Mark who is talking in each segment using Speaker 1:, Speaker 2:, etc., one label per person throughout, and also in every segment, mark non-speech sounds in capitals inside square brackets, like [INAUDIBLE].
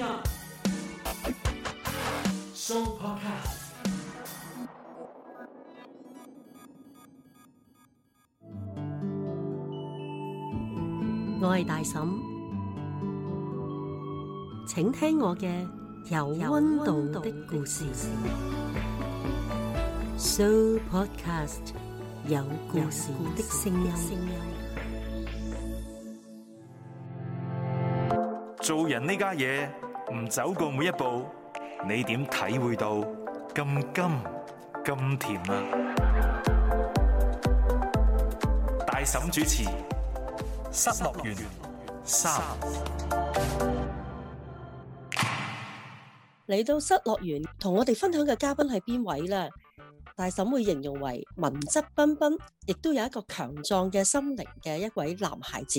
Speaker 1: 我係大嬸，請聽我嘅有溫度的故事。So Podcast，有故事的聲音。
Speaker 2: 做人呢家嘢。唔走過每一步，你點體會到咁甘咁甜啊？大嬸主持失樂園三，
Speaker 1: 嚟到失樂園同我哋分享嘅嘉賓係邊位呢？大嬸會形容為文質彬彬，亦都有一個強壯嘅心靈嘅一位男孩子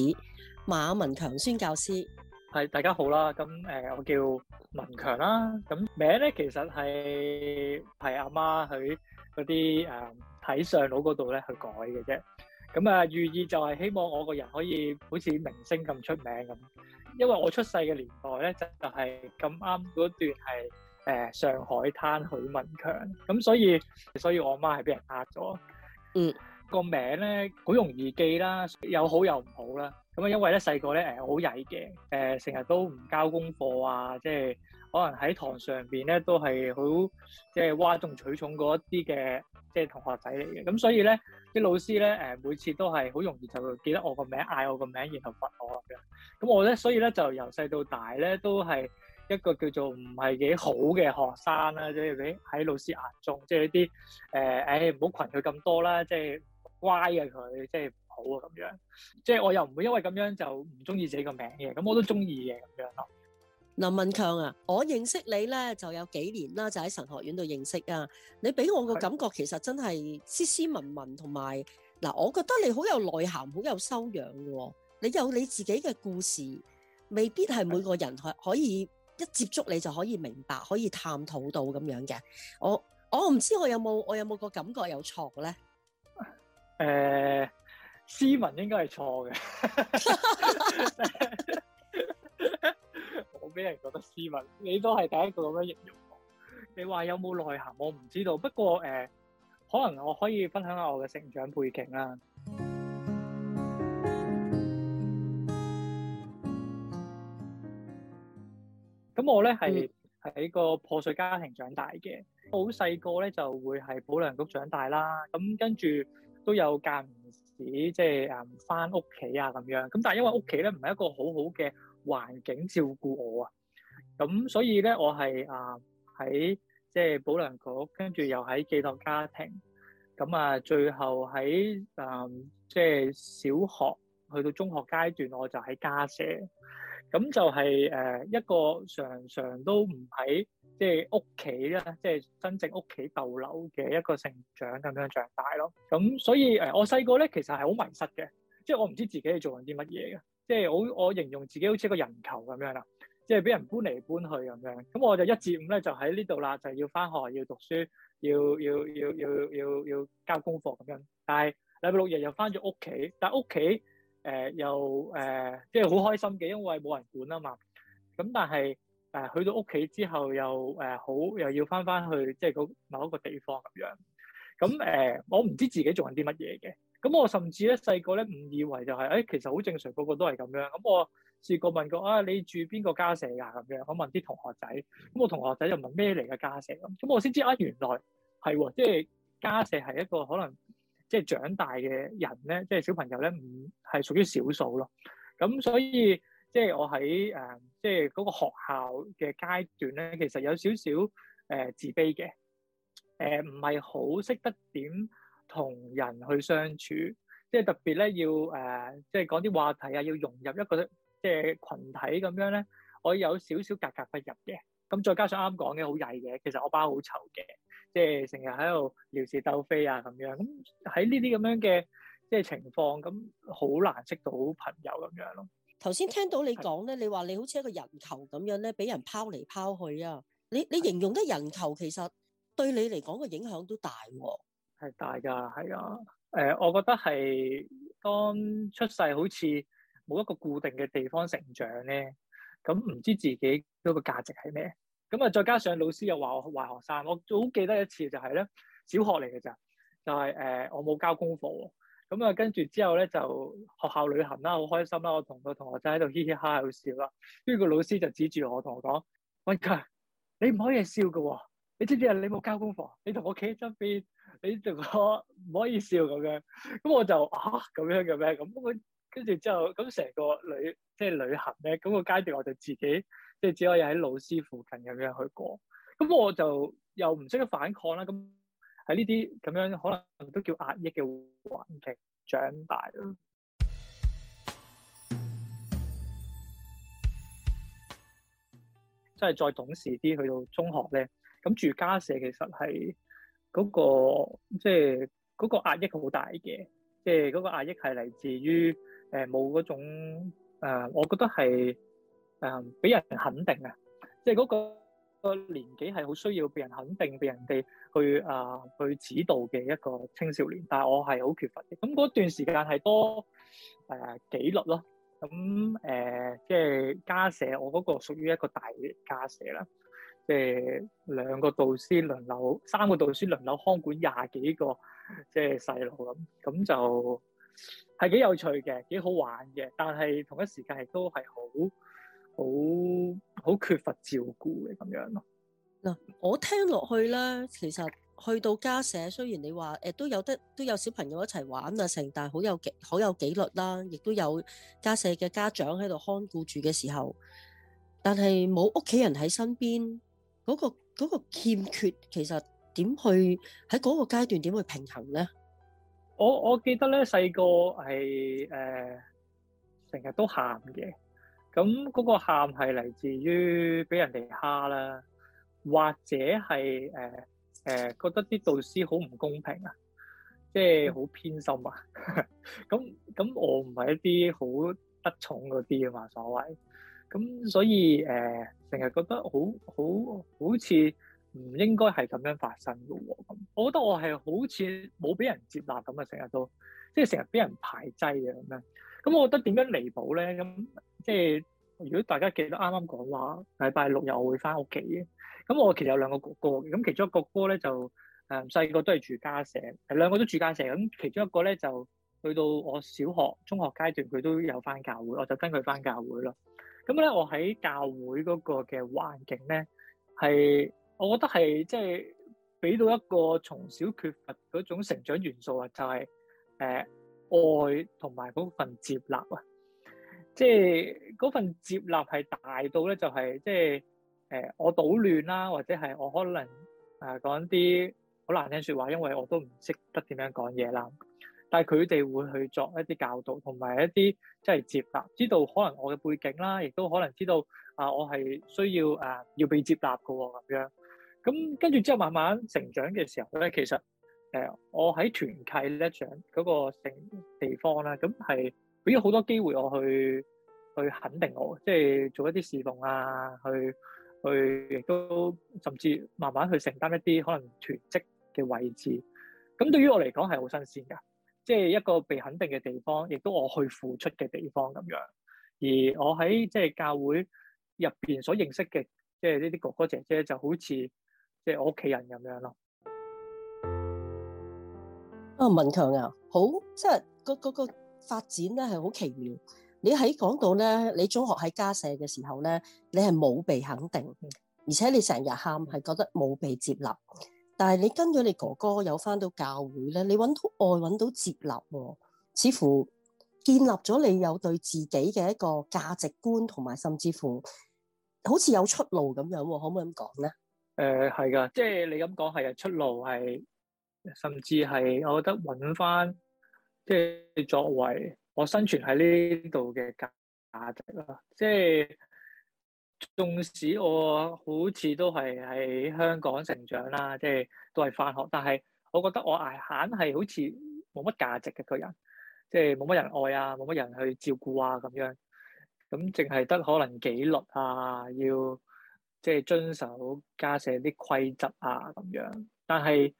Speaker 1: 馬文強宣教師。
Speaker 2: 係大家好啦，咁誒、呃、我叫文強啦，咁名咧其實係係阿媽喺嗰啲誒睇相佬嗰度咧去改嘅啫，咁啊、呃、寓意就係希望我個人可以好似明星咁出名咁，因為我出世嘅年代咧就就係咁啱嗰段係誒、呃、上海灘許文強，咁所以所以我媽係俾人呃咗，嗯。個名咧好容易記啦，有好有唔好啦。咁啊，因為咧細個咧誒，我好曳嘅，誒成日都唔交功課啊，即係可能喺堂上邊咧都係好即係嘩眾取寵嗰一啲嘅即係同學仔嚟嘅。咁所以咧啲老師咧誒，每次都係好容易就記得我個名，嗌我個名，然後罰我噶。咁我咧，所以咧就由細到大咧都係一個叫做唔係幾好嘅學生啦。即係畀喺老師眼中，即係啲誒，誒唔好群佢咁多啦，即係。乖啊，佢即係好啊，咁樣即係我又唔會因為咁樣就唔中意自己個名嘅，咁我都中意嘅咁樣咯。
Speaker 1: 林文強啊，我認識你咧就有幾年啦，就喺神學院度認識啊。你俾我個感覺其實真係斯斯文文同埋，嗱，我覺得你好有內涵，好有修養嘅。你有你自己嘅故事，未必係每個人係可以一接觸你就可以明白，可以探討到咁樣嘅。我我唔知我有冇我有冇個感覺有錯咧？
Speaker 2: 誒、呃，斯文應該係錯嘅， [LAUGHS] [LAUGHS] [LAUGHS] 我俾人覺得斯文，你都係第一個咁樣形容我。你話有冇內涵？我唔知道。不過誒、呃，可能我可以分享下我嘅成長背景啦。咁 [MUSIC] 我咧係喺個破碎家庭長大嘅，好細個咧就會喺保良局長大啦。咁跟住。都有間唔時即係啊，唔翻屋企啊咁樣。咁但係因為屋企咧唔係一個好好嘅環境照顧我啊，咁所以咧我係啊喺即係保良局，跟住又喺寄託家庭。咁啊，最後喺啊即係小學去到中學階段，我就喺家舍。咁就係誒一個常常都唔喺即係屋企啦，即係真正屋企逗留嘅一個成長咁樣長大咯。咁所以誒，我細個咧其實係好迷失嘅，即係我唔知自己係做緊啲乜嘢嘅。即係我我形容自己好似一個人球咁樣啦，即係俾人搬嚟搬去咁樣。咁我就一至五咧就喺呢度啦，就係要翻學、要讀書、要要要要要要交功課咁樣。但係禮拜六日又翻咗屋企，但係屋企。誒、呃、又誒，即係好開心嘅，因為冇人管啊嘛。咁但係誒、呃、去到屋企之後又、呃，又誒好又要翻翻去即係某一個地方咁樣。咁誒、呃、我唔知自己做緊啲乜嘢嘅。咁我甚至咧細個咧誤以為就係、是、誒、欸、其實好正常，個個都係咁樣。咁我試過問過啊，你住邊個家舍㗎咁樣？我問啲同學仔。咁我同學仔又問咩嚟嘅家舍。咁。咁我先知啊，原來係喎，即係、哦就是、家舍係一個可能。即係長大嘅人咧，即係小朋友咧，唔係屬於少數咯。咁所以即係我喺誒即係嗰個學校嘅階段咧，其實有少少誒自卑嘅，誒唔係好識得點同人去相處，即係特別咧要誒即係講啲話題啊，要融入一個即係羣體咁樣咧，我有少少格格不入嘅。咁再加上啱講嘅好曳嘅，其實我包好醜嘅。即係成日喺度撩事鬥非啊咁樣，咁喺呢啲咁樣嘅即係情況，咁好難識到朋友咁樣咯。
Speaker 1: 頭先聽到你講咧，是你話你好似一個人球咁樣咧，俾人拋嚟拋去啊！你你形容得人球是其實對你嚟講個影響都大喎。係大㗎，係啊。誒、呃，
Speaker 2: 我覺得係當出世好似冇一個固定嘅地方成長咧，咁唔知自己嗰個價值係咩？咁啊，再加上老師又話我壞學生，我好記得一次就係、是、咧，小學嚟嘅咋，就係、是、誒、呃、我冇交功課喎。咁、嗯、啊，跟住之後咧就學校旅行啦，好開心啦，我同個同學仔喺度嘻嘻哈喺度笑啦。跟住個老師就指住我同我講，喂，你唔可以笑㗎喎、哦，你知唔知啊？你冇交功課，你同我企喺側邊，你同我唔可以笑咁樣。咁、嗯、我就啊咁樣嘅咩？咁跟住之後，咁成個旅即係旅行咧，咁、那個階段我就自己。即係只可以喺老師附近咁樣去過，咁我就又唔識得反抗啦。咁喺呢啲咁樣可能都叫壓抑嘅環境長大咯。即係 [MUSIC] 再懂事啲去到中學咧，咁住家社其實係嗰個即係嗰個壓抑好大嘅，即係嗰個壓抑係嚟自於誒冇嗰種誒，我覺得係。誒俾人肯定啊！即係嗰個年紀係好需要俾人肯定，俾人哋去啊、呃、去指導嘅一個青少年。但係我係好缺乏嘅。咁、嗯、嗰段時間係多誒、呃、紀律咯。咁、嗯、誒、呃、即係家舍，我嗰個屬於一個大家舍啦。即係兩個導師輪流，三個導師輪流看管廿幾個即係細路咁。咁、嗯、就係幾有趣嘅，幾好玩嘅。但係同一時間係都係好。好好缺乏照顧嘅咁樣咯。
Speaker 1: 嗱、啊，我聽落去咧，其實去到家舍，雖然你話誒、呃、都有得，都有小朋友一齊玩啊，成但係好有紀好有紀律啦，亦都有家舍嘅家長喺度看顧住嘅時候，但係冇屋企人喺身邊，嗰、嗰個、嗰個欠缺，其實點去喺嗰個階段點去平衡咧？
Speaker 2: 我我記得咧細個係誒成日都喊嘅。咁嗰個喊係嚟自於俾人哋蝦啦，或者係誒誒覺得啲導師好唔公平啊，即係好偏心啊。咁 [LAUGHS] 咁我唔係一啲好得寵嗰啲啊嘛，所謂。咁所以誒，成日覺得好好好似唔應該係咁樣發生嘅喎。我覺得我係好似冇俾人接納咁啊，成日都即係成日俾人排擠嘅咁樣。咁我覺得點樣彌補咧？咁即係如果大家記得啱啱講話，禮拜六又會翻屋企嘅。咁我其實有兩個哥哥嘅，咁其中一個哥咧就誒細個都係住家舍，兩個都住家舍。咁其中一個咧就去到我小學、中學階段，佢都有翻教會，我就跟佢翻教會咯。咁咧，我喺教會嗰個嘅環境咧，係我覺得係即係俾到一個從小缺乏嗰種成長元素啊，就係誒。愛同埋嗰份接納啊，即係嗰份接納係大到咧、就係，就係即係誒、呃、我搗亂啦，或者係我可能誒講啲好難聽説話，因為我都唔識得點樣講嘢啦。但係佢哋會去作一啲教導，同埋一啲即係接納，知道可能我嘅背景啦，亦都可能知道啊、呃，我係需要誒、呃、要被接納嘅喎咁樣。咁跟住之後慢慢成長嘅時候咧，其實。誒，我喺團契咧，上嗰個成地方咧，咁係俾咗好多機會我去去肯定我，即係做一啲侍奉啊，去去亦都甚至慢慢去承擔一啲可能團職嘅位置。咁對於我嚟講係好新鮮噶，即係一個被肯定嘅地方，亦都我去付出嘅地方咁樣。而我喺即係教會入邊所認識嘅，即係呢啲哥哥姐姐就好似即係我屋企人咁樣咯。
Speaker 1: 啊、文強啊，好，即係嗰嗰個發展咧係好奇妙。你喺講到咧，你中學喺家社嘅時候咧，你係冇被肯定，而且你成日喊係覺得冇被接納。但係你跟咗你哥哥有返到教會咧，你揾到愛，揾到接納，哦，似乎建立咗你有對自己嘅一個價值觀，同埋甚至乎好似有出路咁樣，哦。可唔可以咁講咧？
Speaker 2: 誒、呃，係噶，即係你咁講係啊，出路係。甚至係，我覺得揾翻即係作為我生存喺呢度嘅價值啦。即係，縱使我好似都係喺香港成長啦，即係都係翻學，但係我覺得我挨慳係好似冇乜價值嘅個人，即係冇乜人愛啊，冇乜人去照顧啊，咁樣。咁淨係得可能紀律啊，要即係遵守加社啲規則啊，咁樣。但係。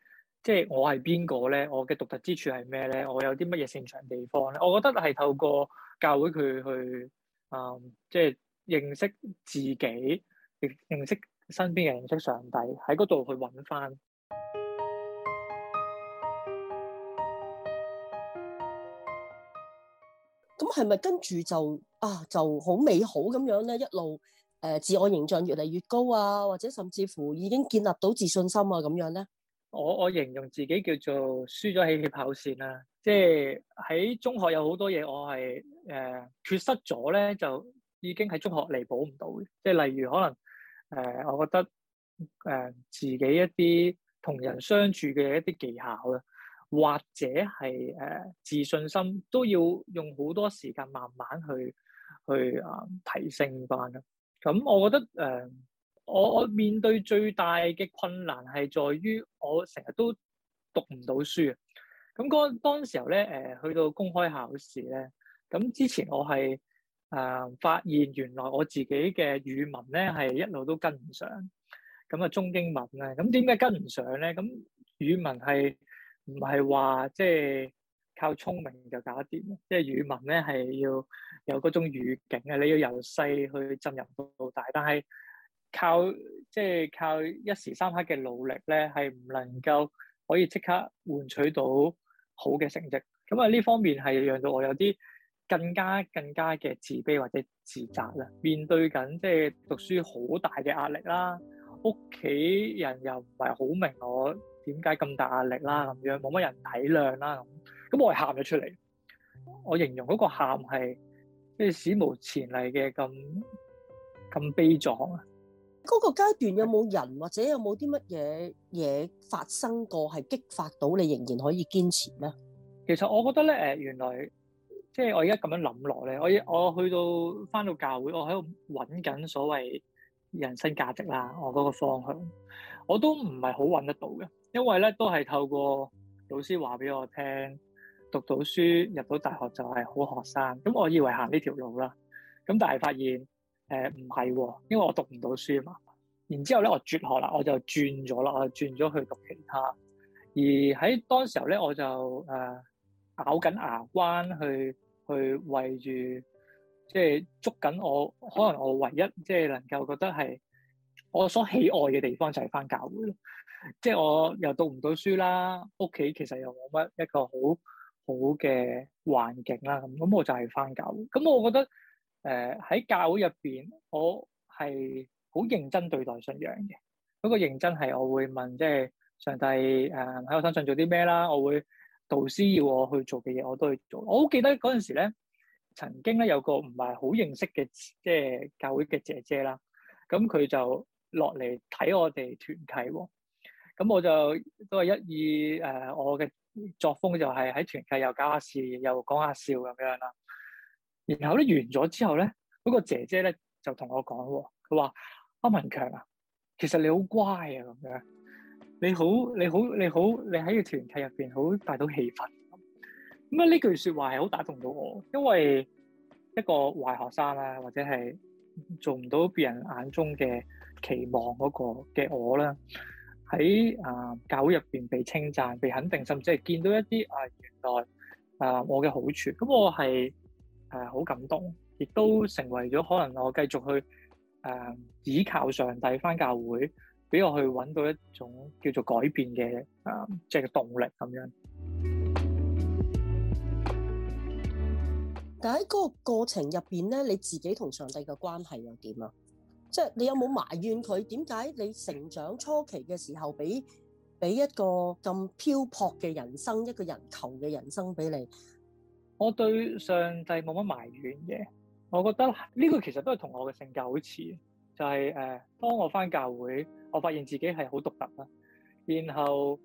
Speaker 2: 即係我係邊個咧？我嘅獨特之處係咩咧？我有啲乜嘢擅長地方咧？我覺得係透過教會佢去，嗯，即係認識自己，認認識身邊嘅人，認識上帝，喺嗰度去揾翻。
Speaker 1: 咁係咪跟住就啊就好美好咁樣咧？一路誒、呃、自我形象越嚟越高啊，或者甚至乎已經建立到自信心啊咁樣咧？
Speaker 2: 我我形容自己叫做輸咗起跑線啦，即係喺中學有好多嘢我係誒缺失咗咧，就已經喺中學嚟補唔到嘅。即係例如可能誒、呃，我覺得誒、呃、自己一啲同人相處嘅一啲技巧啦，或者係誒、呃、自信心，都要用好多時間慢慢去去啊、呃、提升翻啦。咁我覺得誒。呃我我面對最大嘅困難係在於我成日都讀唔到書啊！咁嗰當時候咧，誒去到公開考試咧，咁之前我係啊發現原來我自己嘅語文咧係一路都跟唔上。咁啊中英文咧，咁點解跟唔上咧？咁語文係唔係話即係靠聰明就搞得掂？即係語文咧係要有嗰種語境啊！你要由細去浸入到大，但係，靠即係、就是、靠一時三刻嘅努力咧，係唔能夠可以即刻換取到好嘅成績。咁啊呢方面係讓到我有啲更加更加嘅自卑或者自責啦。面對緊即係讀書好大嘅壓力啦，屋企人又唔係好明我點解咁大壓力啦，咁樣冇乜人體諒啦。咁咁我係喊咗出嚟，我形容嗰個喊係即係史無前例嘅咁咁悲壯啊！
Speaker 1: 嗰個階段有冇人或者有冇啲乜嘢嘢發生過係激發到你仍然可以堅持咧？其實我覺得咧，誒原來
Speaker 2: 即係我而家咁樣諗落咧，我我去到返到教會，我喺度揾緊所謂人生價值啦，我嗰個方向我都唔係好揾得到嘅，因為咧都係透過老師話俾我聽，讀到書入到大學就係好學生，咁我以為行呢條路啦，咁但係發現。誒唔係喎，因為我讀唔到書嘛。然之後咧，我絕學啦，我就轉咗啦，我轉咗去讀其他。而喺當時候咧，我就誒、呃、咬緊牙關去去為住，即係捉緊我。可能我唯一即係能夠覺得係我所喜愛嘅地方，就係返教會。即係我又讀唔到書啦，屋企其實又冇乜一個好好嘅環境啦。咁咁我就係返教會。咁我覺得。誒，喺教會入邊，我係好認真對待信仰嘅。嗰個認真係，我會問即係、就是、上帝誒，喺我身上做啲咩啦？我會導師要我去做嘅嘢，我都去做。我好記得嗰陣時咧，曾經咧有個唔係好認識嘅即係教會嘅姐姐啦，咁佢就落嚟睇我哋團契喎。咁我就都係一意誒，我嘅作風就係喺團契又搞下事，又講下笑咁樣啦。然後咧完咗之後咧，嗰個姐姐咧就同我講，佢話阿文強啊，其實你好乖啊，咁樣，你好，你好，你好，你喺個團體入邊好帶到氣氛。咁啊，呢句說話係好打動到我，因為一個壞學生啦，或者係做唔到別人眼中嘅期望嗰個嘅我啦，喺啊教會入邊被稱讚、被肯定，甚至係見到一啲啊原來啊我嘅好處，咁我係。係好、呃、感動，亦都成為咗可能我繼續去誒倚、呃、靠上帝，返教會俾我去搵到一種叫做改變嘅誒、呃，即係動力咁樣。
Speaker 1: 但喺嗰個過程入邊咧，你自己同上帝嘅關係又點啊？即、就、係、是、你有冇埋怨佢？點解你成長初期嘅時候，俾俾一個咁漂泊嘅人生，一個人球嘅人生俾你？
Speaker 2: 我對上帝冇乜埋怨嘅，我覺得呢個其實都係同我嘅性格好似，就係誒，當我翻教會，我發現自己係好獨特啦。然後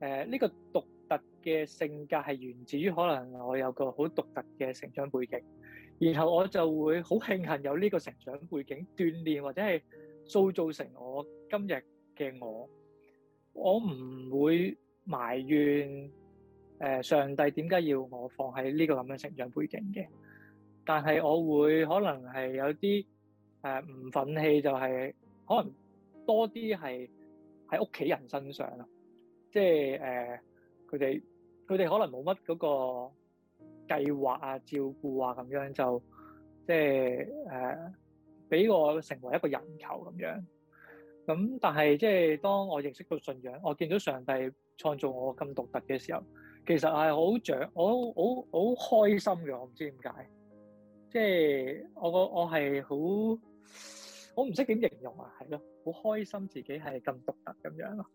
Speaker 2: 誒，呢個獨特嘅性格係源自於可能我有個好獨特嘅成長背景。然後我就會好慶幸有呢個成長背景鍛鍊或者係塑造成我今日嘅我。我唔會埋怨。誒，上帝點解要我放喺呢個咁樣成長背景嘅？但係我會可能係有啲誒唔忿氣，呃、就係、是、可能多啲係喺屋企人身上咯，即係誒佢哋佢哋可能冇乜嗰個計劃啊、照顧啊咁樣，就即係誒俾我成為一個人球咁樣。咁但係即係當我認識到信仰，我見到上帝創造我咁獨特嘅時候。其實係好著，我好好開心嘅，我唔知點解，即係我個我係好，
Speaker 1: 我唔識點形容啊，係咯，好開心自己係咁獨特咁樣咯。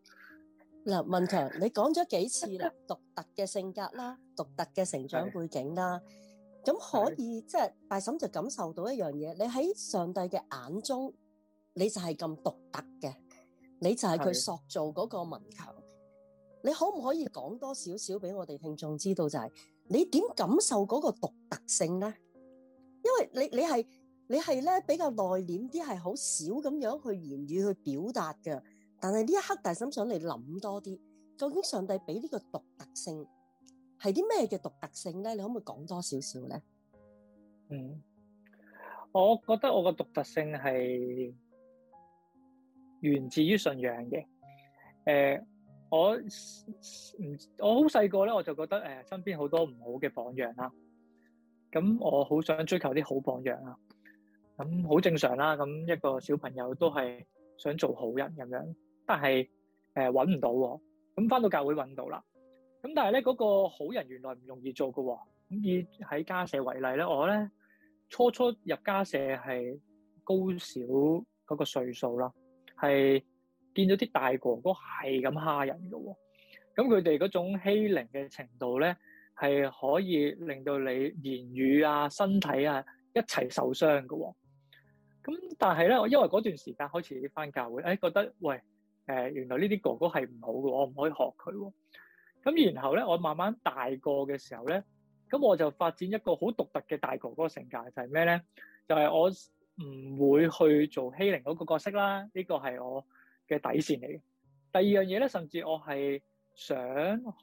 Speaker 1: 嗱，文強，你講咗幾次啦，獨特嘅性格啦，獨特嘅成長背景啦，咁可以即係大嬸就感受到一樣嘢，你喺上帝嘅眼中，你就係咁獨特嘅，你就係佢塑造嗰個文強。你可唔可以講多少少俾我哋聽眾知道，就是，就係你點感受嗰個獨特性咧？因為你你係你係咧比較內斂啲，係好少咁樣去言語去表達㗎。但係呢一刻，大心想你諗多啲，究竟上帝俾呢個獨特性係啲咩嘅獨特性咧？你可唔可以講多少少咧？嗯，
Speaker 2: 我覺得我個獨特性係源自於信仰嘅，誒、呃。我唔，我好細個咧，我就覺得誒，身邊好多唔好嘅榜樣啦。咁我好想追求啲好榜樣啦。咁好正常啦。咁一個小朋友都係想做好人咁樣，但係誒揾唔到。咁翻到教會揾到啦。咁但係咧，嗰個好人原來唔容易做㗎。咁以喺家社為例咧，我咧初初入家社係高小嗰個歲數啦，係。見到啲大哥哥係咁蝦人嘅喎、哦，咁佢哋嗰種欺凌嘅程度咧，係可以令到你言語啊、身體啊一齊受傷嘅喎、哦。咁但係咧，我因為嗰段時間開始返教會，誒、哎、覺得喂誒、呃，原來呢啲哥哥係唔好嘅，我唔可以學佢、哦。咁然後咧，我慢慢大個嘅時候咧，咁我就發展一個好獨特嘅大哥哥性格，就係咩咧？就係、是、我唔會去做欺凌嗰個角色啦。呢、這個係我嘅底線嚟嘅。第二樣嘢咧，甚至我係想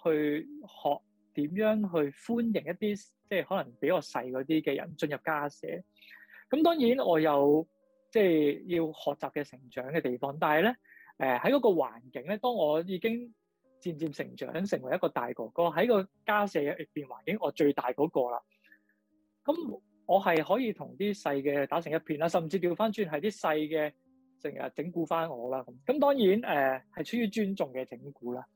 Speaker 2: 去學點樣去歡迎一啲即係可能比我細嗰啲嘅人進入家社。咁、嗯、當然我有即係要學習嘅成長嘅地方，但係咧誒，喺嗰個環境咧，當我已經漸漸成長成為一個大哥哥喺個家社入邊環境，我最大嗰個啦。咁、嗯、我係可以同啲細嘅打成一片啦，甚至調翻轉係啲細嘅。成日整蠱翻我啦，咁，咁當然誒係出於尊重嘅整蠱啦，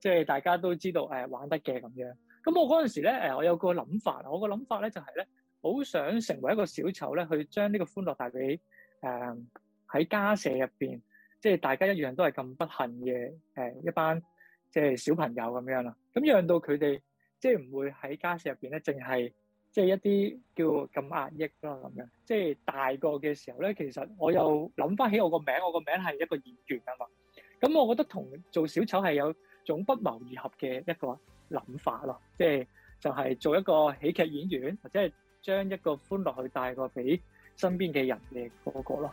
Speaker 2: 即係大家都知道誒、呃、玩得嘅咁樣。咁我嗰陣時咧誒，我有個諗法，我個諗法咧就係、是、咧，好想成為一個小丑咧，去將呢個歡樂帶俾誒喺家舍入邊，即係大家一樣都係咁不幸嘅誒、呃、一班即係小朋友咁樣啦。咁讓到佢哋即係唔會喺家舍入邊咧，淨係。即係一啲叫咁壓抑咯咁樣，即係大個嘅時候咧，其實我又諗翻起我個名，我個名係一個演員啊嘛，咁我覺得同做小丑係有種不謀而合嘅一個諗法咯，即係就係做一個喜劇演員，或者係將一個歡樂去帶過俾身邊嘅人嘅嗰個咯。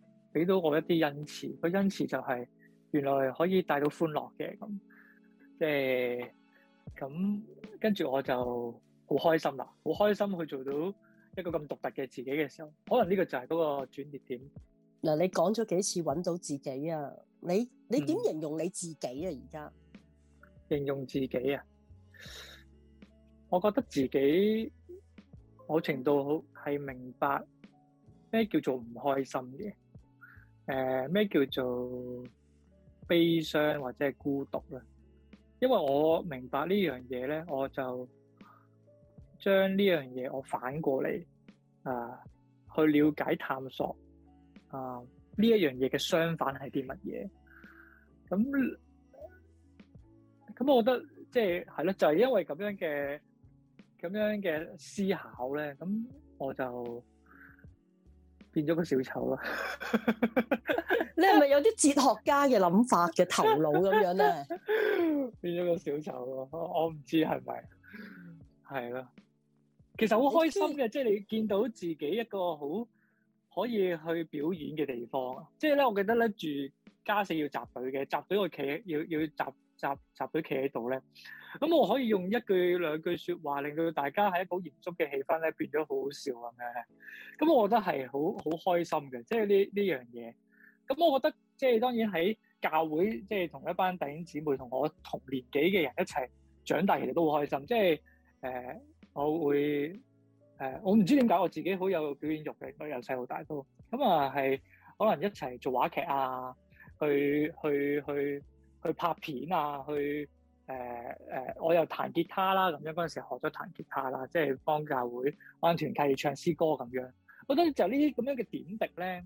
Speaker 2: 俾到我一啲恩慈，嗰、那個、恩慈就係原來可以帶到歡樂嘅，咁即係咁跟住我就好開心啦，好開心去做到一個咁獨特嘅自己嘅時候，可能呢個就係嗰個轉捩點。
Speaker 1: 嗱、嗯，你講咗幾次搵到自己啊？你你點形容你自己啊？而家、嗯、
Speaker 2: 形容自己啊？我覺得自己某程度好係明白咩叫做唔開心嘅。誒，咩、呃、叫做悲傷或者係孤獨咧？因為我明白呢樣嘢咧，我就將呢樣嘢我反過嚟啊、呃，去了解探索啊呢、呃、一樣嘢嘅相反係啲乜嘢？咁咁，我覺得即係係咯，就係、是就是、因為咁樣嘅咁樣嘅思考咧，咁我就。變咗個小丑啦 [LAUGHS] ！
Speaker 1: [LAUGHS] 你係咪有啲哲學家嘅諗法嘅頭腦咁樣咧？ [LAUGHS] [LAUGHS] 變咗個小
Speaker 2: 丑咯，我唔知係咪，係 [LAUGHS] 咯。
Speaker 1: 其實好開心
Speaker 2: 嘅，即係你見到自己一個好可以去表演嘅地方啊！即係咧，我記得咧住家四要集隊嘅，集隊我企要要集。集集隊企喺度咧，咁我可以用一句兩句説話，令到大家喺一個嚴肅嘅氣氛咧變咗好好笑咁樣。咁我覺得係好好開心嘅，即係呢呢樣嘢。咁我覺得即係當然喺教會，即係同一班弟兄姊妹同我同年紀嘅人一齊長大，其實都好開心。即係誒、呃，我會誒、呃，我唔知點解我自己好有表演欲嘅，我由細到大都。咁啊，係可能一齊做話劇啊，去去去，去去拍片啊，去誒誒、呃呃，我又彈吉他啦，咁樣嗰陣時學咗彈吉他啦，即係幫教會安團契唱詩歌咁樣，我覺得就呢啲咁樣嘅點滴咧，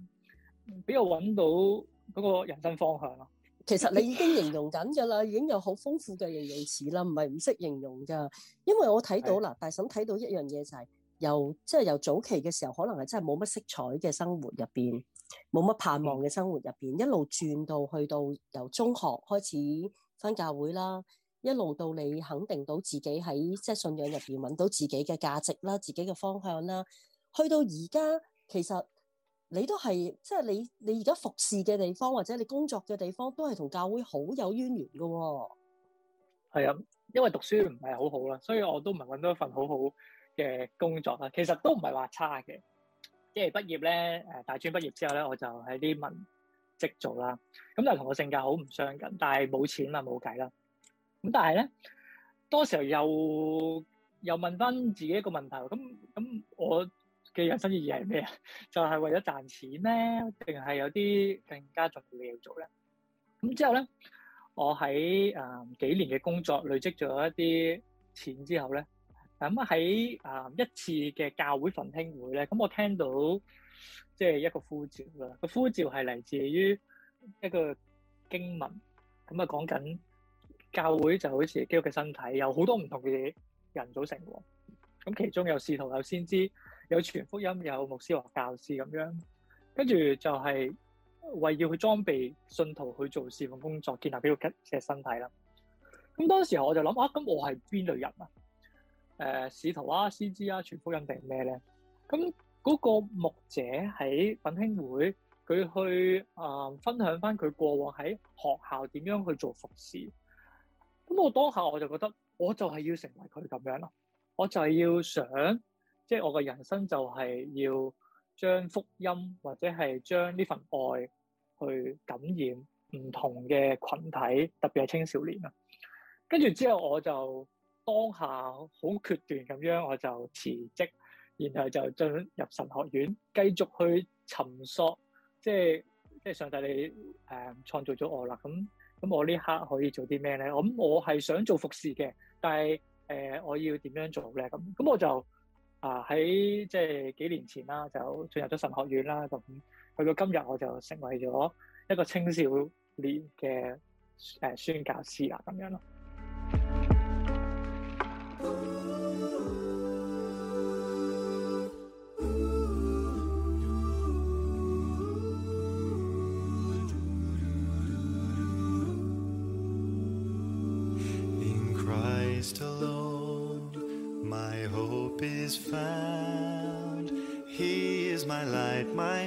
Speaker 2: 比較揾到嗰個人生方向咯。
Speaker 1: 其實你已經形容緊㗎啦，已經有好豐富嘅形容詞啦，唔係唔識形容㗎，因為我睇到啦的，大嬸睇到一樣嘢就係、是。由即係、就是、由早期嘅時候，可能係真係冇乜色彩嘅生活入邊，冇乜盼望嘅生活入邊，一路轉到去到由中學開始返教會啦，一路到你肯定到自己喺即係信仰入邊揾到自己嘅價值啦，自己嘅方向啦，去到而家，其實你都係即係你你而家服侍嘅地方或者你工作嘅地方，都係同教會好有淵源噶、哦。
Speaker 2: 係啊，因為讀書唔係好好啦，所以我都唔係揾到一份好好嘅工作啦，其實都唔係話差嘅，即係畢業咧，誒大專畢業之後咧，我就喺啲文職做啦。咁就同我性格好唔相近，但係冇錢嘛冇計啦。咁但係咧，多時候又又問翻自己一個問題，咁咁我嘅人生意義係咩啊？就係為咗賺錢咧？定係有啲更加重要嘅嘢做咧？
Speaker 1: 咁之後咧，
Speaker 2: 我喺誒幾年嘅工作累積咗一啲錢之後咧。咁喺啊一次嘅教會奮興會咧，咁我聽到即係一個呼召啦。個呼召係嚟自於一個經文，咁啊講緊教會就好似基督嘅身體，有好多唔同嘅人組成喎。咁其中有使徒，有先知，有傳福音，有牧師或教師咁樣。跟住就係為要去裝備信徒去做事奉工作，建立基督嘅身體啦。咁當時我就諗啊，咁我係邊類人啊？誒使徒啊，先知啊，傳福音定係咩咧？咁嗰個牧者喺粉興會，佢去啊、呃、分享翻佢過往喺學校點樣去做服侍。咁我當下我就覺得我就，我就係要成為佢咁樣啦，我就係要想，即、就、係、是、我嘅人生就係要將福音或者係將呢份愛去感染唔同嘅群體，特別係青少年啦。跟住之後我就。當下好決斷咁樣，我就辭職，然後就進入神學院，繼續去尋索，即係即係上帝你誒、呃、創造咗我啦。咁咁我呢刻可以做啲咩咧？咁我係想，想做服侍嘅，但係誒、呃、我要點樣做咧？咁咁我就啊喺、呃、即係幾年前啦，就進入咗神學院啦。咁去到今日，我就成為咗一個青少年嘅誒、呃、宣教師啦，咁樣咯。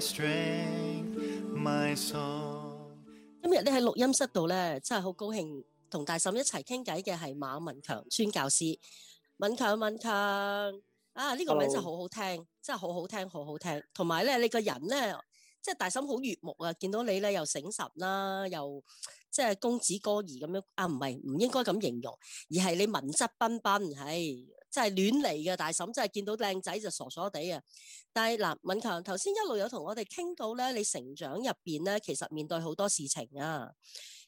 Speaker 1: 今日咧喺錄音室度咧，真係好高興同大嬸一齊傾偈嘅係馬文強，專教師文強，文強啊！呢個名就好好聽，真係好好聽，好好聽。同埋咧，你個人咧，即係大嬸好悅目啊！見到你咧又醒神啦，又即係公子哥兒咁樣啊？唔係唔應該咁形容，而係你文質彬彬，係。真係亂嚟嘅大嬸，真係見到靚仔就傻傻地嘅。但係嗱，敏強頭先一路有同我哋傾到咧，你成長入邊咧，其實面對好多事情啊。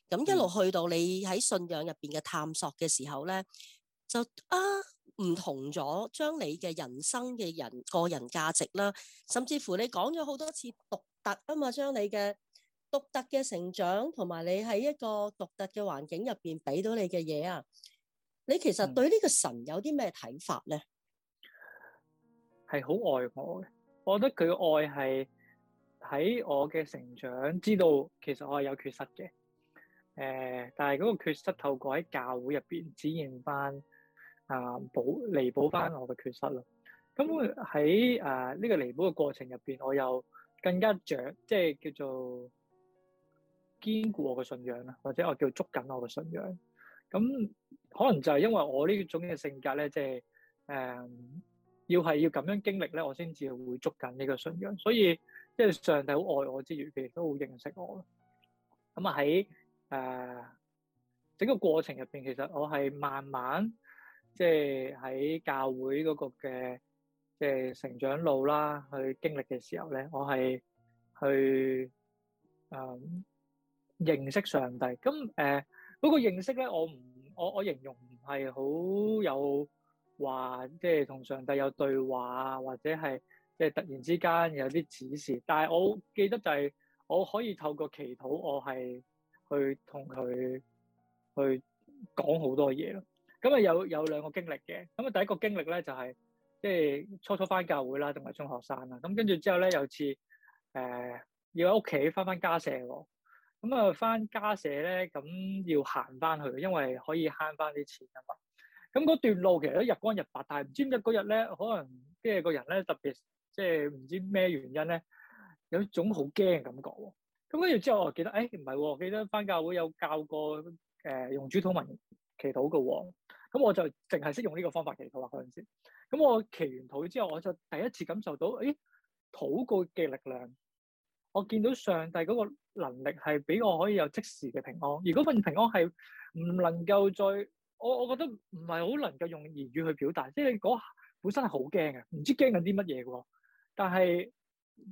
Speaker 1: 咁一路去到你喺信仰入邊嘅探索嘅時候咧，就啊唔同咗，將你嘅人生嘅人個人價值啦，甚至乎你講咗好多次獨特啊嘛，將你嘅獨特嘅成長同埋你喺一個獨特嘅環境入邊俾到你嘅嘢啊。你其實對呢個神有啲咩睇法咧？
Speaker 2: 係好愛我嘅。我覺得佢嘅愛係喺我嘅成長，知道其實我係有缺失嘅。誒、呃，但係嗰個缺失透過喺教會入邊，指引翻，啊補彌補翻我嘅缺失咯。咁喺誒呢個彌補嘅過程入邊，我又更加著即係叫做堅固我嘅信仰啦，或者我叫做捉緊我嘅信仰。咁可能就係因為我呢種嘅性格咧，即係誒，要係要咁樣經歷咧，我先至會捉緊呢個信仰。所以即係上帝好愛我之餘，其實都好認識我。咁啊喺誒整個過程入邊，其實我係慢慢即係喺教會嗰個嘅即係成長路啦，去經歷嘅時候咧，我係去誒、呃、認識上帝。咁誒。呃嗰個認識咧，我唔，我我形容唔係好有話，即係同上帝有對話啊，或者係即係突然之間有啲指示。但係我記得就係我可以透過祈禱我，我係去同佢去講好多嘢咯。咁啊，有有兩個經歷嘅。咁啊，第一個經歷咧就係、是、即係初初返教會啦，同埋中學生啦。咁跟住之後咧，有次誒、呃、要喺屋企返返家舍喎。咁啊，翻家社咧，咁要行翻去，因為可以慳翻啲錢啊嘛。咁、那、嗰、個、段路其實都日光日白，但係唔知唔知嗰日咧，可能即係個人咧特別即係唔知咩原因咧，有一種好驚嘅感覺喎。咁跟住之後，我記得，誒唔係喎，記得翻教會有教過誒、呃、用主土文主禱文祈禱嘅喎。咁我就淨係識用呢個方法祈禱啊嗰陣時。咁我祈完禱之後，我就第一次感受到，誒、哎、禱告嘅力量。我見到上帝嗰個能力係俾我可以有即時嘅平安，而嗰份平安係唔能夠再我我覺得唔係好能夠用言語去表達，即係你嗰下本身係好驚嘅，唔知驚緊啲乜嘢嘅喎。但係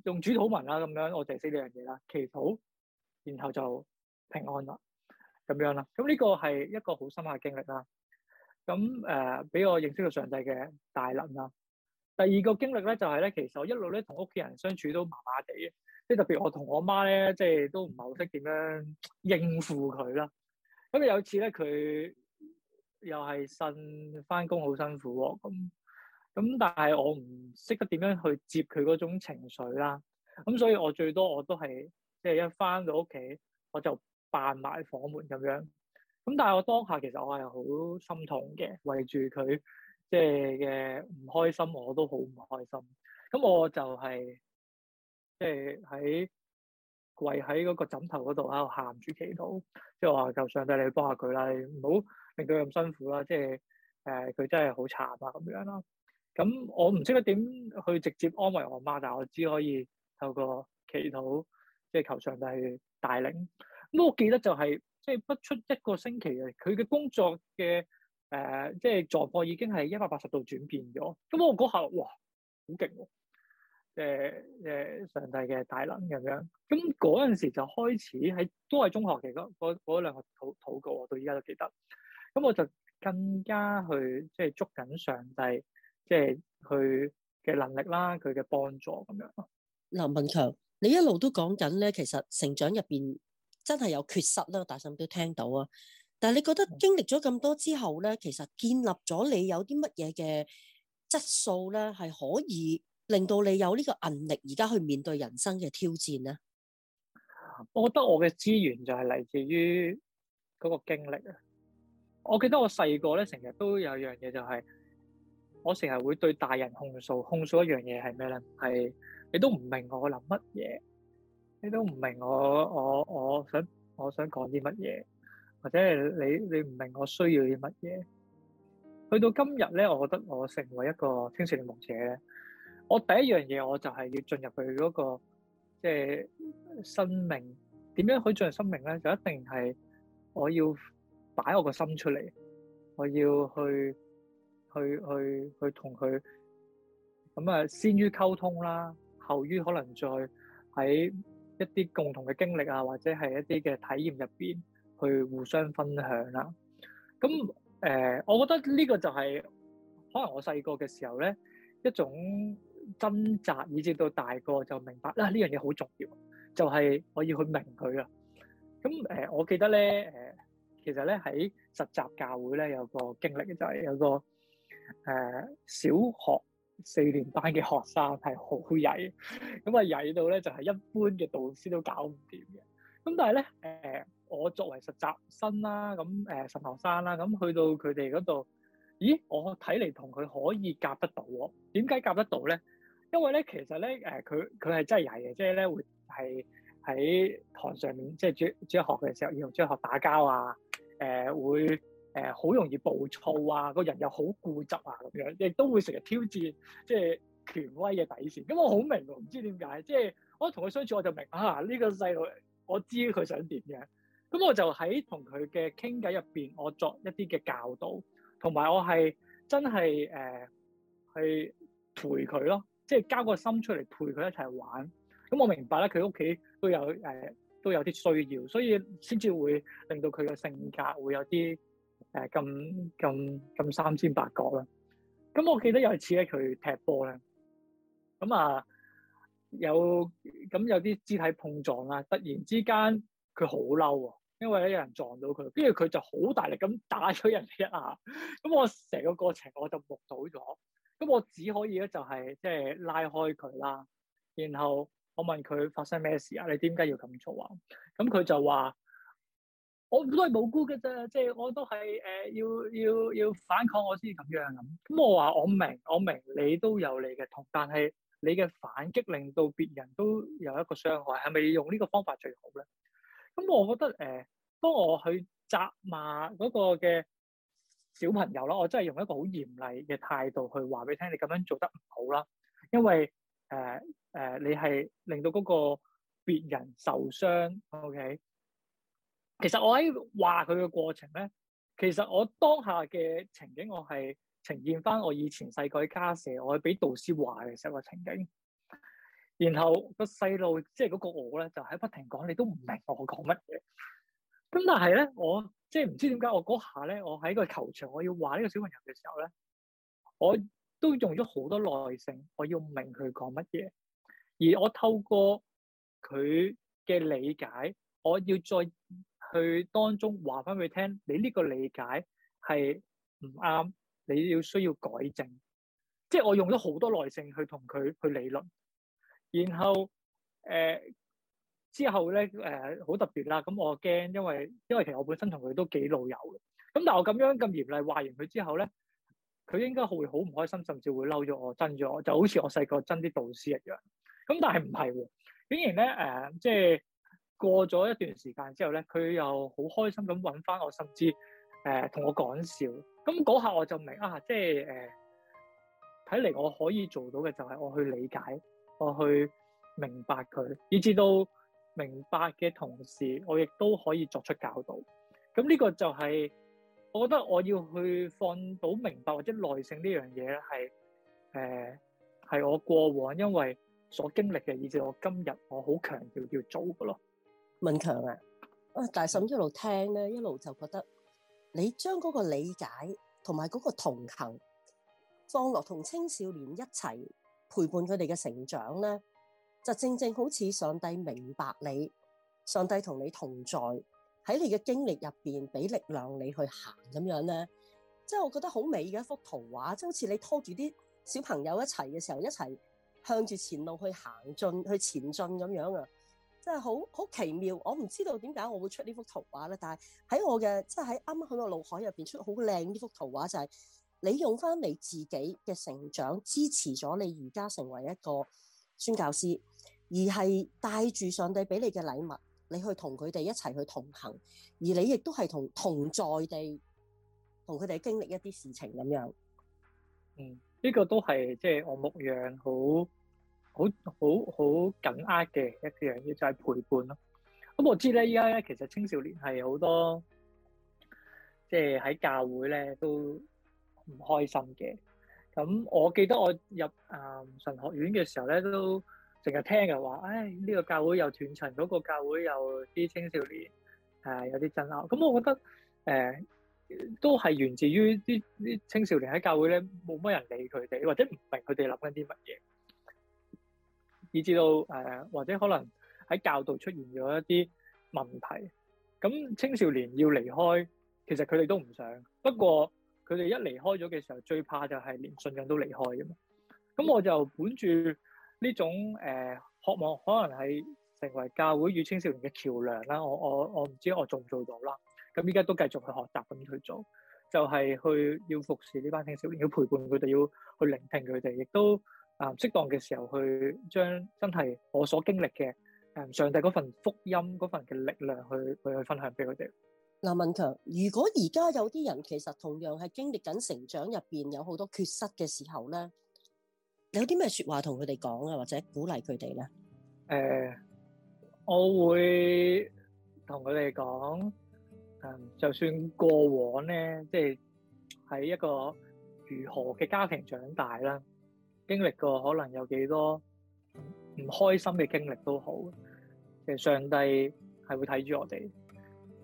Speaker 2: 用主禱文啦、啊，咁樣我就寫呢樣嘢啦，祈禱，然後就平安啦，咁樣啦。咁呢個係一個好深刻嘅經歷啦。咁誒俾我認識到上帝嘅大能啦。第二個經歷咧就係咧，其實我一路咧同屋企人相處都麻麻地嘅。即係特別，我同我媽咧，即係都唔係好識點樣應付佢啦。咁有一次咧，佢又係新翻工好辛苦喎。咁咁，但係我唔識得點樣去接佢嗰種情緒啦。咁所以，我最多我都係即係一翻到屋企，我就扮埋房門咁樣。咁但係我當下其實我係好心痛嘅，為住佢即係嘅唔開心，我都好唔開心。咁我就係、是。即係喺跪喺嗰個枕頭嗰度喺度喊住祈禱，即係我話求上帝你幫下佢啦，唔好令到佢咁辛苦啦。即係誒，佢、呃、真係好慘啊，咁樣啦。咁我唔識得點去直接安慰我媽，但係我只可以透過祈禱，即係求上帝帶領。咁我記得就係即係不出一個星期嘅，佢嘅工作嘅誒、呃，即係狀況已經係一百八十度轉變咗。咁我嗰下哇，好勁喎！誒誒、呃，上帝嘅大能咁樣，咁嗰陣時就開始喺都係中學期嗰嗰嗰兩個禱禱告，我到依家都記得。咁我就更加去即係捉緊上帝，即係佢嘅能力啦，佢嘅
Speaker 1: 幫助咁樣咯。林文強，你一路都講緊咧，其實成長入邊真係有缺失咧，大嬸都聽到啊。但係你覺得經歷咗咁多之後咧，其實建立咗你有啲乜嘢嘅質素咧，係可以？令到你有呢個韌力，而家去面對人生嘅挑戰咧？
Speaker 2: 我覺得我嘅資源就係嚟自於嗰個經歷啊！我記得我細個咧，成日都有一樣嘢，就是，就係我成日會對大人控訴，控訴一樣嘢係咩咧？係你都唔明我諗乜嘢，你都唔明我我我想我想講啲乜嘢，或者係你你唔明我需要啲乜嘢。去到今日咧，我覺得我成為一個青少年夢者。我第一樣嘢，我就係要進入佢、那、嗰個即係、就是、生命，點樣可以進入生命咧？就一定係我要擺我個心出嚟，我要去去去去同佢咁啊，先於溝通啦，後於可能再喺一啲共同嘅經歷啊，或者係一啲嘅體驗入面去互相分享啦、啊。咁誒、呃，我覺得呢個就係、是、可能我細個嘅時候咧一種掙扎，以至到大個就明白啦。呢樣嘢好重要，就係我要去明佢啦。咁誒、呃，我記得咧誒、呃，其實咧喺實習教會咧有個經歷，就係、是、有個誒、呃、小學四年班嘅學生係好曳，咁啊曳到咧就係、就是、一般嘅導師都搞唔掂嘅。咁但係咧誒，我作為實習生啦，咁誒、呃、神學生啦，咁去到佢哋嗰度，咦？我睇嚟同佢可以夾得到喎，點解夾得到咧？因為咧，其實咧，誒佢佢係真係曳嘅，即係咧會係喺堂上面，即係主追學嘅時候，要同追學打交啊！誒會誒好容易暴躁啊，個人又好固執啊，咁樣亦都會成日挑戰即係權威嘅底線。咁我好明喎，唔知點解，即係我同佢相處，我就明啊！呢、呢個細路，我知佢想點樣。咁我就喺同佢嘅傾偈入邊，我作一啲嘅教導，同埋我係真係誒、呃、去陪佢咯。即係交個心出嚟陪佢一齊玩，咁我明白咧，佢屋企都有誒、欸，都有啲需要，所以先至會令到佢嘅性格會有啲誒咁咁咁三尖八角啦。咁我記得有一次咧，佢踢波咧，咁啊有咁有啲肢體碰撞啦，突然之間佢好嬲啊，因為咧有人撞到佢，跟住佢就好大力咁打咗人哋一下，咁我成個過程我就目睹咗。咁我只可以咧就係即係拉開佢啦，然後我問佢發生咩事啊？你點解要咁做啊？咁佢就話：我都係無辜嘅啫，即係我都係誒、呃、要要要反抗我先咁樣咁。咁我話我明我明，你都有你嘅痛，但係你嘅反擊令到別人都有一個傷害，係咪要用呢個方法最好咧？咁我覺得誒，當我去責罵嗰個嘅。小朋友啦，我真係用一個好嚴厲嘅態度去話俾你聽，你咁樣做得唔好啦，因為誒誒，你係令到嗰個別人受傷。OK，其實我喺話佢嘅過程咧，其實我當下嘅情景，我係呈現翻我以前細個喺家舍，我係俾導師話嘅時候嘅情景。然後個細路即係嗰個我咧，就喺不停講，你都唔明我講乜嘢。咁但係咧，我。即係唔知點解，我嗰下咧，我喺個球場，我要話呢個小朋友嘅時候咧，我都用咗好多耐性，我要明佢講乜嘢，而我透過佢嘅理解，我要再去當中話翻佢聽，你呢個理解係唔啱，你要需要改正。即係我用咗好多耐性去同佢去理論，然後誒。呃之後咧，誒、呃、好特別啦。咁、嗯、我驚，因為因為其實我本身同佢都幾老友嘅。咁、嗯、但係我咁樣咁嚴厲話完佢之後咧，佢應該會好唔開心，甚至會嬲咗我、憎咗我，就好似我細個憎啲導師一樣。咁、嗯、但係唔係喎？竟然咧，誒、呃、即係過咗一段時間之後咧，佢又好開心咁揾翻我，甚至誒同、呃、我講笑。咁、嗯、嗰刻我就明啊，即係誒睇嚟我可以做到嘅就係我去理解，我去明白佢，以至到。明白嘅同時，我亦都可以作出教導。咁呢個就係、是、我覺得我要去放到明白或者耐性呢樣嘢咧，係、呃、誒我過往因
Speaker 1: 為所經歷嘅，以至我今日我好強調要做嘅咯。文強啊，啊大嬸一路聽咧，一路就覺得你將嗰個理解同埋嗰個同行放落同青少年一齊陪伴佢哋嘅成長咧，就正正好似上帝明白你，上帝同你同在，喺你嘅經歷入邊俾力量你去行咁樣咧，即係我覺得好美嘅一幅圖畫，即係好似你拖住啲小朋友一齊嘅時候，一齊向住前路去行進去前進咁樣啊，真係好好奇妙。我唔知道點解我會出呢幅圖畫咧，但係喺我嘅即係喺啱啱喺我腦海入邊出好靚呢幅圖畫就係、是、你用翻你自己嘅成長支持咗你而家成為一個。宣教師，而係帶住上帝俾你嘅禮物，你去同佢哋一齊去同行，而你亦都係同同在地，同佢哋經歷一啲事情咁樣。
Speaker 2: 嗯，呢個都係即係我牧養好，好，好好緊握嘅一樣嘢，就係陪伴咯。咁我知咧，依家咧其實青少年係好多，即係喺教會咧都唔開心嘅。咁，我記得我入誒神學院嘅時候咧，都成日聽人話，誒呢個教會又斷層，嗰個教會又啲青少年係有啲爭拗。咁我覺得誒都係源自於啲啲青少年喺教會咧冇乜人理佢哋，或者唔明佢哋諗緊啲乜嘢，以至到誒或者可能喺教導出現咗一啲問題。咁青少年要離開，其實佢哋都唔想，不過。佢哋一離開咗嘅時候，最怕就係連信仰都離開咁。咁我就本住呢種誒渴望，可能係成為教會與青少年嘅橋梁啦。我我我唔知我做唔做到啦。咁依家都繼續去學習咁去做，就係去要服侍呢班青少年，要陪伴佢哋，要去聆聽佢哋，亦都啊適當嘅時候去將真係我所經歷嘅誒上帝嗰份福音嗰份嘅力量去
Speaker 1: 去去分享俾佢哋。嗱，文強，如果而家有啲人其實同樣係經歷緊成長入邊有好多缺失嘅時候咧，有啲咩說話同佢哋講啊，或者鼓勵佢哋咧？誒、呃，我會
Speaker 2: 同佢哋講，嗯，就算過往咧，即係喺一個如何嘅家庭長大啦，經歷過可能有幾多唔開心嘅經歷都好，其實上帝係會睇住我哋。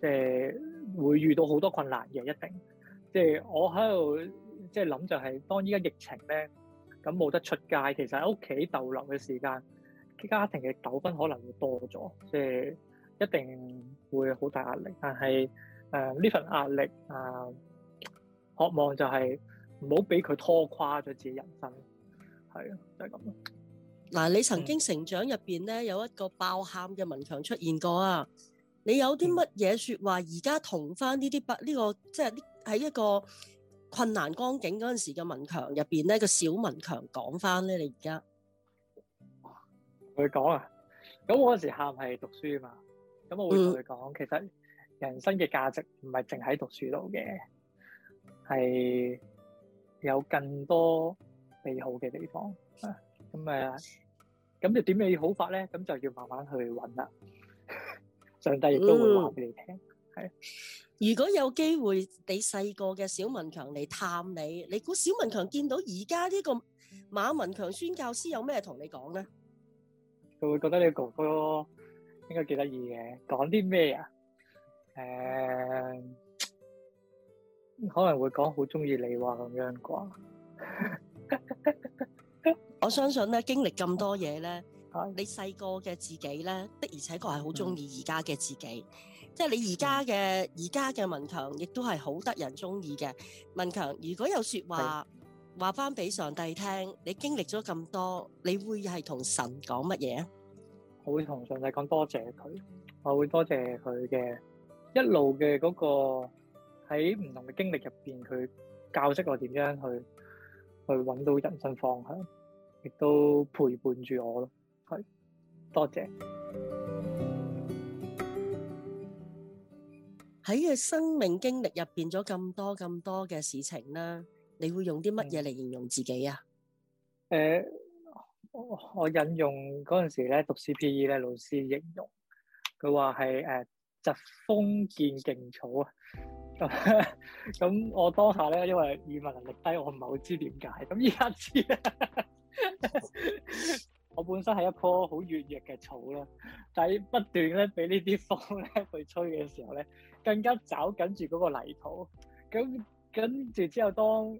Speaker 2: 誒，會遇到好多困難嘅，一定。即係我喺度即係諗，就係當依家疫情咧，咁冇得出街，其實喺屋企逗留嘅時間，家庭嘅糾紛可能會多咗，即係一定會好大壓力。但係誒呢份壓力啊，渴望就係唔好俾佢拖垮咗自己人生。係啊，就係咁咯。
Speaker 1: 嗱，你曾經成長入邊咧，有一個爆喊嘅文強出現過啊！你有啲乜嘢説話？而家同翻呢啲不呢個即係喺一個困難光景嗰陣時嘅文強入邊咧，那個小文強講翻咧，你而家佢講啊？咁我嗰時
Speaker 2: 喊係讀書啊嘛，咁我會同佢講，嗯、其實人生嘅價值唔係淨喺讀書度嘅，係有更多美好嘅地方啊！咁啊，咁就點樣要好法咧？咁就要慢慢去揾啦、啊。上帝亦都會話俾你
Speaker 1: 聽。係，如果有機會，你細個嘅小文強嚟探你，你估小文強見到而家呢個馬文強宣教師有咩同你講咧？
Speaker 2: 佢會覺得你個哥哥應該幾得意嘅，講啲咩啊？誒，可能會講好鍾意你話咁樣啩。
Speaker 1: 我相信咧，經歷咁多嘢咧。你細個嘅自己咧，的而且確係好中意而家嘅自己，嗯、即係你而家嘅而家嘅文強，亦都係好得人中意嘅文強。如果有說話，話翻俾上帝聽，你經歷咗咁多，你會係同神講乜嘢啊？我會、那個、同上帝講多謝佢，會我會多謝佢嘅
Speaker 2: 一路嘅嗰個喺唔同嘅經歷入邊，佢教識我點樣去去揾到人生方向，亦都陪伴住我咯。佢多謝
Speaker 1: 喺嘅生命經歷入邊咗咁多咁多嘅事情啦，你會用啲乜嘢嚟形容自己啊？誒、
Speaker 2: 嗯呃，我引用嗰陣時咧，讀 CPE 咧，老師形容佢話係誒疾風見勁草啊。咁 [LAUGHS] 我當下咧，因為語文能力低，我唔係好知點解。咁而家知啦。 [LAUGHS] [LAUGHS] 我本身係一樖好軟弱嘅草咧，但係不斷咧俾呢啲風咧去吹嘅時候咧，更加抓緊住嗰個泥土。咁跟住之後，當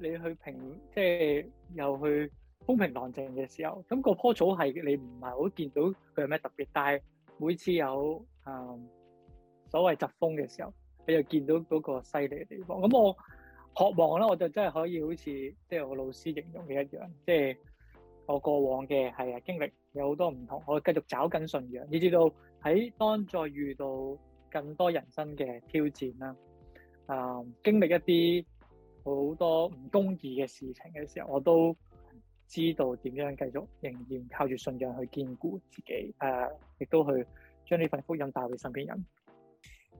Speaker 2: 你去平，即係又去風平浪靜嘅時候，咁個樖草係你唔係好見到佢有咩特別，但係每次有誒所謂疾風嘅時候，你就見到嗰個犀利嘅地方。咁我渴望咧，我就真係可以好似即係我老師形容嘅一樣，即係。我過往嘅係啊經歷有好多唔同，我繼續找緊信仰，以至到喺當再遇到更多人生嘅挑戰啦，啊、呃、經歷一啲好多唔公義嘅事情嘅時候，我都知道點樣繼續仍然靠住信仰去堅固自己，誒、呃、亦都去將呢份福音帶俾身邊人，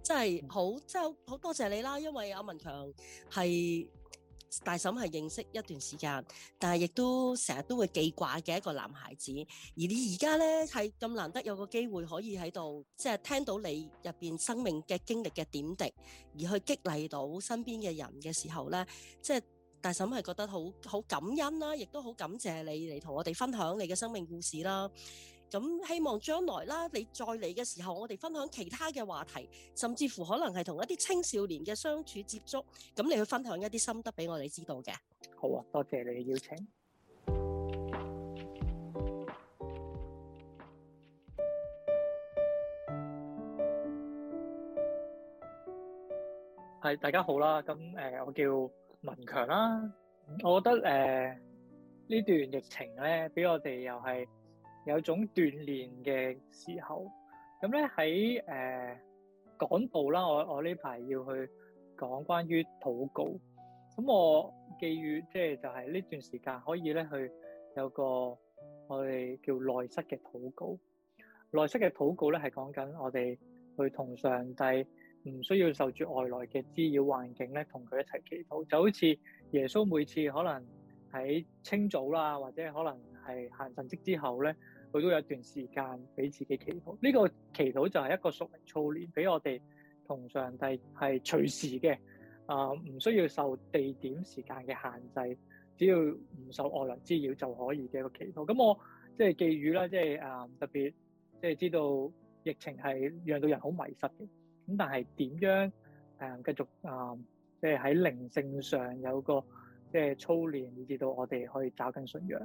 Speaker 1: 真係好真係好多謝你啦，因為阿文強係。大嬸係認識一段時間，但係亦都成日都會記掛嘅一個男孩子。而你而家呢，係咁難得有個機會可以喺度，即係聽到你入邊生命嘅經歷嘅點滴，而去激勵到身邊嘅人嘅時候呢，即係大嬸係覺得好好感恩啦，亦都好感謝你嚟同我哋分享你嘅生命故事啦。咁希望將來啦，你再嚟嘅時候，我哋分享其他嘅話題，甚至乎可能係同一啲青少年嘅相處接觸，咁你去分享一啲心得俾我哋知道嘅。
Speaker 2: 好啊，多謝你嘅邀請。係，大家好啦。咁誒，我叫文強啦。我覺得誒呢段疫情咧，俾我哋又係，有種鍛煉嘅時候，咁咧喺誒講道啦，我我呢排要去講關於禱告，咁我寄予即係就係呢段時間可以咧去有個我哋叫內室嘅禱告。內室嘅禱告咧係講緊我哋去同上帝，唔需要受住外來嘅滋擾環境咧，同佢一齊祈禱。就好似耶穌每次可能喺清早啦，或者可能。係行神跡之後咧，佢都有一段時間俾自己祈禱。呢、這個祈禱就係一個屬靈操練，俾我哋同上帝係隨時嘅啊，唔、呃、需要受地點時間嘅限制，只要唔受外來滋擾就可以嘅一個祈禱。咁、嗯、我即係寄語啦，即係啊、呃、特別即係知道疫情係讓到人好迷失嘅。咁但係點樣誒繼、呃、續啊、呃？即係喺靈性上有個即係操練，以致到我哋可以找緊信仰。